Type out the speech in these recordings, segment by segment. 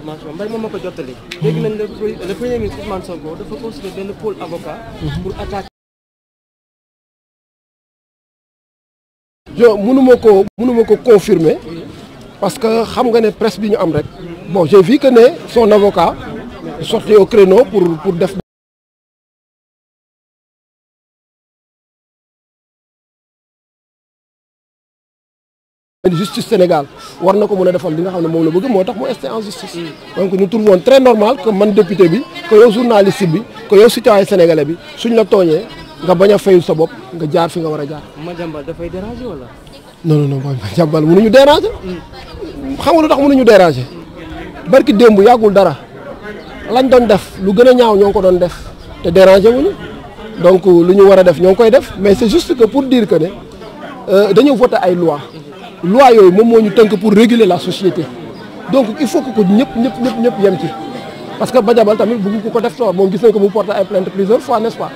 information ma ko jottali. dégg nañ le le premier ministre Ousmane Sonko dafa constitué mënuma ko mënuma ko confirmer parce que xam nga ne presse bi ñu am rek bon j'ai vu que ne son avocat sorti au pour pour def. justice Sénégal war na ko mën a defal li xam ne moom la bëgg moo tax mu resté ñu justice donc nous trouvons très normal que man député bi que yow journaliste bi que suñ la tooñee nga bañ a fayul sa bopp nga fi nga war a jaar Madiambal dafay déranger wala non non non Madiambal mënuñu déranger xam nga lu tax mënuñu déranger barki démb yàggul dara lañ doon def lu gën a ñaaw ñoo ngi ko doon def te déranger wuñu donc lu ñu war a def ñoo ngi koy def mais c'est juste que pour diir que ne euh, dañu voté ay loi loi yooyu moom moo ñu tënk pour réguler la société donc il faut que ko ñëpp ñëpp ñëpp ñëpp yem ci parce que Madiambal tamit bëgg ku ko def tort moom gis nañ ko mu porte ay plainte plusieurs fois n'est-ce pas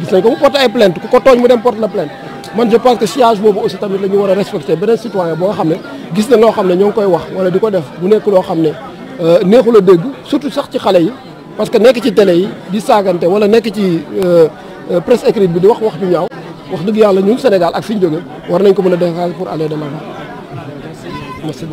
gis nañ ko mu porte ay plainte ku ko tooñ mu dem porte la plainte man je pense que siège boobu aussi tamit la war a respecté beneen citoyen boo xam ne gis na loo xam ne ñoo koy wax wala di ko def bu nekk loo xam ne euh, neexul a dégg surtout sax ci xale yi parce que nekk ci télé yi saagante wala nekk ci euh, euh, presse bi di wax wax ju ñaaw wax dëgg yàlla ñun Sénégal ak fi ñu jóge war nañ ko mën pour aller de merci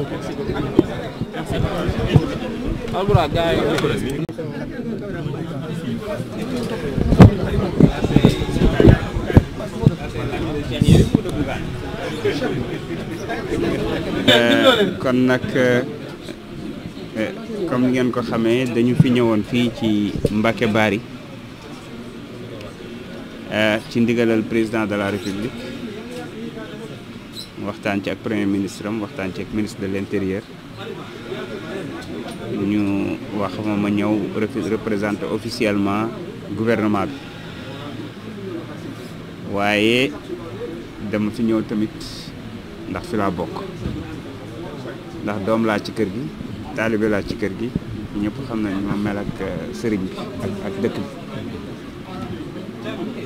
euh, kon nag euh, comme ngeen ko xamee dañu fi ñëwoon fii ci Mbacké Bari euh, ci ndigalal président de la République waxtaan ci ak premier ministre am waxtaan ci ak ministre de l'intérieur ñu wax ma ma ñëw représenter officiellement gouvernement bi waaye dama fi ñëw tamit ndax fi laa bokk ndax doom laa ci kër gi taalibe laa ci kër gi ñëpp xam nañ ma mel ak euh, sëriñ bi ak dëkk bi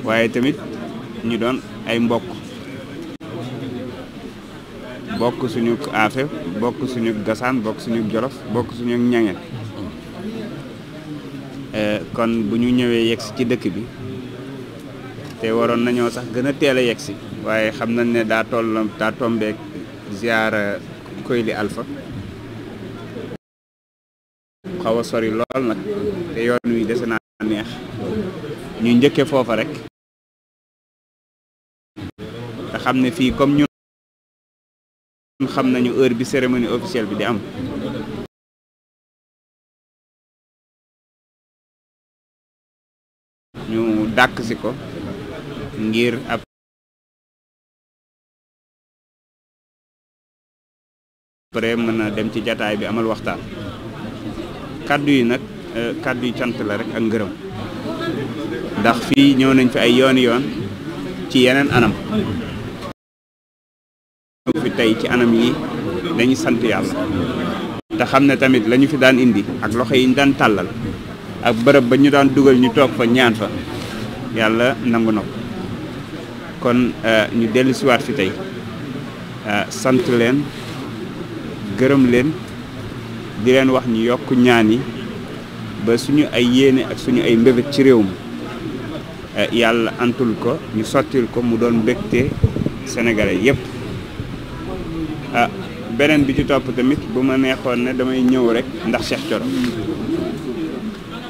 waaye tamit ñu doon ay mbokk bokk suñu aafe bokk suñu gasaan bokk suñu jolof bokk suñu ñaŋe eh, kon bu ñu ñëwee yegsi ci dëkk bi te waroon nañoo sax gën a teel a yegsi waaye xam nañ ne daa toll daa tombeek ziyaara Koyli Alpha xaw a sori lool nag te yoon wi dese naa neex ñu njëkke foofa rek te xam ne fii comme ñu xam nañu heure bi cérémonie officielle bi di am ñu dàkksi ko ngir ab après mën a dem ci jataay bi amal waxtaan kàddu yi nag euh, kàddu yi cant la rek ak ngërëm ndax fii ñëw nañ fi ay yoon yoon ci yeneen anam tey ci anam yi dañu sant yàlla te xam ne tamit lañu ñu fi daan indi ak loxo yi ñu daan tàllal ak bërëb ba ñu daan dugal ñu toog fa ñaan fa yàlla nangu na ko kon euh, ñu dellu siwaat fi tey euh, sant leen gërëm leen di leen wax ñu yokk ñaan yi ba suñu ay yéene ak suñu ay mbébét ci réew mi euh, yàlla antul ko ñu sottil ko mu doon mbégte sénégalais yépp ah beneen bi ci topp tamit bu ma neexoon ne damay ñëw rek ndax Cheikh Thioro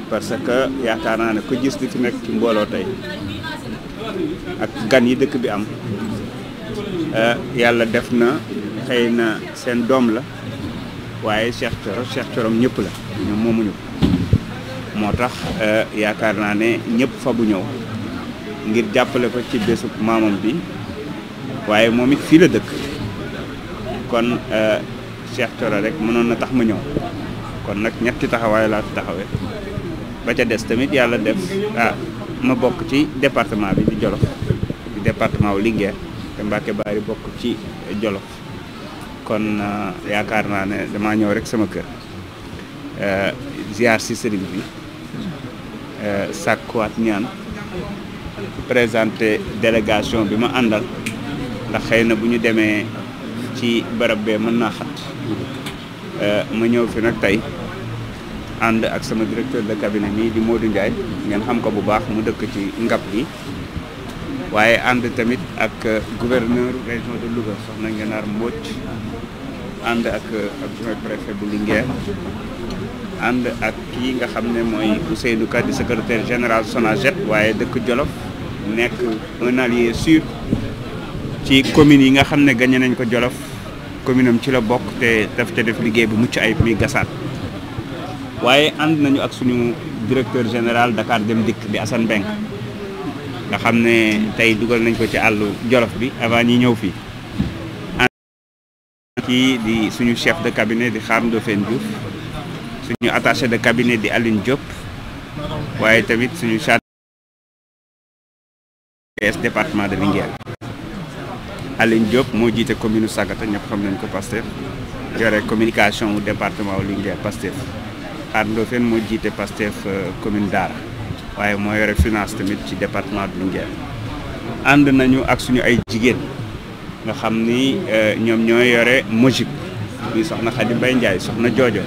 parce que yaakaar naa ne ko gis li fi nekk ci mbooloo tey ak gan yi dëkk bi am ah, yàlla def na xëy na seen doom la waaye Cheikh Thioro Cheikh Thioro ñëpp la ñoom moomuñu ko moo tax ah, yaakaar naa ne ñëpp fabu ñëw ngir jàppale ko ci bésu maamam bi waaye moom it fii la dëkk kon euh, Cheikh Thioro rek mënoon na tax ma ñëw kon nag ñetti taxawaayu laa taxawee ba ca des tamit yàlla def ah ma bokk ci département bi di Jolof di département wu Linguère te Mbacke Bari bokk ci Jolof kon euh, yaakaar naa ne damaa ñëw rek sama kër euh, ziar si sëriñ bi sàkkuwaat ñaan présenté délégation bi ma àndal ndax xëy na bu ñu demee ci barab bee mën naa xat euh, ma ñëw fi nag tey ànd ak sama directeur de cabinet mii di Modou Ndiaye ngeen xam ko bu baax mu dëkk ci ngap gi waaye ànd tamit ak euh, gouverneur région de Louga soxna Ngenaar Mbodj ànd ak euh, ak préfet bu Linguère ànd ak kii nga xam ne mooy Ousseynou Ka di secrétaire général SONAGED waaye dëkk jolo nekk un allié sûr ci communes yi nga xam ne gagné nañ ko Jolof commune am ci la bokk te daf ca def liggéey bu mucc ayib muy gasaat waaye ànd nañu ak suñu directeur général Dakar Dem Dikk di Assane Mbeng nga xam ne tey dugal nañ ko ci àll Jolof bi avant ñi ñëw fii kii di suñu chef de cabinet di Kham Ndofène Diouf suñu attaché de cabinet di Aline Diop waaye tamit suñu chargé département de Linguère Aline Diop moo jiite commune Sagata ñëpp xam nañ ko Pastef yore communication wu département wu Linguère Pastef Ardo Fène moo jiite Pastef euh, commune Daara waaye moo yore finance tamit ci département de Linguère ànd nañu ak suñu ay jigéen nga xam ni euh, ñoom ñoo yore MOJIP muy soxna Khady Mbaye Ndiaye soxna joojo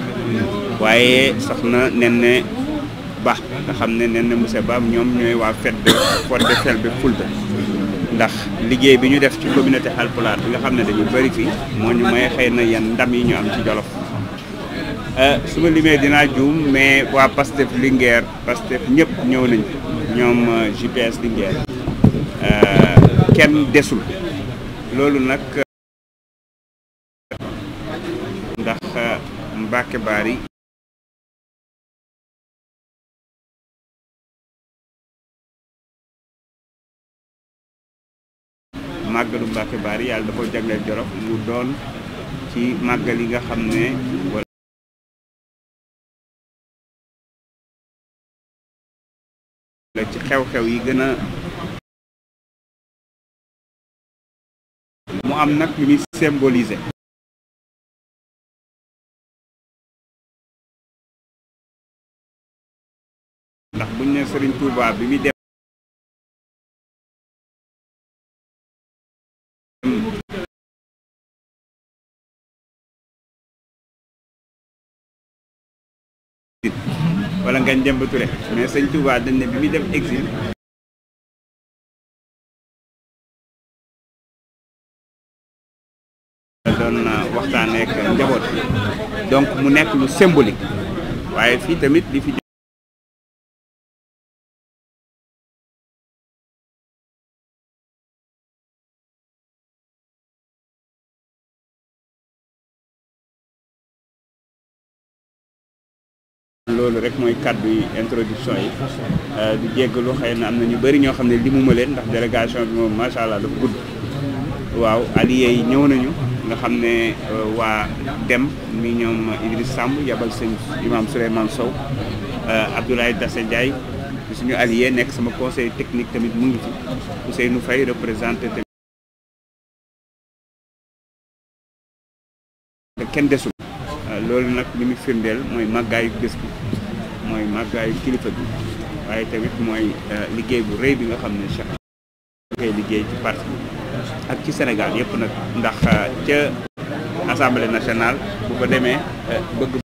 waaye soxna Nene Ba nga xam ne Nene Moussa Ba ñoom ñooy waa fête de fête de Fulbe ndax liggéey bi ñu def ci communauté Halpulaar bi nga xam ne dañu bëri fi moo ñu may xëy na yenn ndam yi ñu am ci Jolof euh, su ma limee dinaa juum mais waa Pastef Linguère Pastef ñëpp ñëw nañ ñoom GPS euh, Linguère euh, kenn desul loolu nag ndax Mbàkke Baari màggalu Mbàkke Bari yàlla da ko jagleel Jolof mu doon ci màggal yi nga xam ne wala ci xew-xew yi gën mu am nag lu muy ndax buñ ne Sëriñ Tuubaa bi muy wala Ngagne Demba Touré mais sëñ Touba dañ ne bi muy dem exil doon waxtaan ak njaboot donc mu nekk lu symbolique waaye fii tamit li fi loolu rek mooy kàddu yi introduction yi euh, di jéggalu xëy na am na ñu bëri ñoo xam ne li mu ma leen ndax délégation bi moom macha allah dafa gudd waaw allié yi ñëw nañu nga xam ne euh, waa dem mi ñoom Idriss Samb yabal sëñ imam Souleymane Sow euh, Abdoulaye Dassé Ndiaye suñu allié nekk sama conseil technique tamit mu ngi ci Ousseynou Faye représenté te kenn desul loolu nag li mu firndeel mooy màggaayu bés bi mooy màggaayu kilifa bi waaye tamit mooy euh, liggéey bu rëy bi nga xam ne Cheikh koy liggéey ci parti ak ci Sénégal yëpp nag ndax euh, ca assemblée nationale bu ko demee euh, bëgg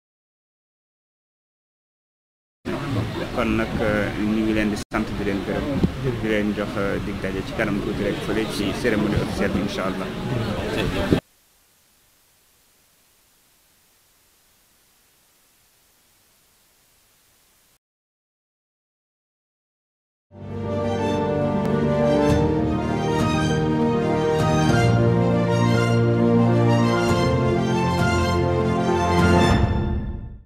kon nag ñu ngi leen di sant di leen gërëm di leen jox dig daje ci kanam tuuti rek fële ci cérémonie officielle bi allah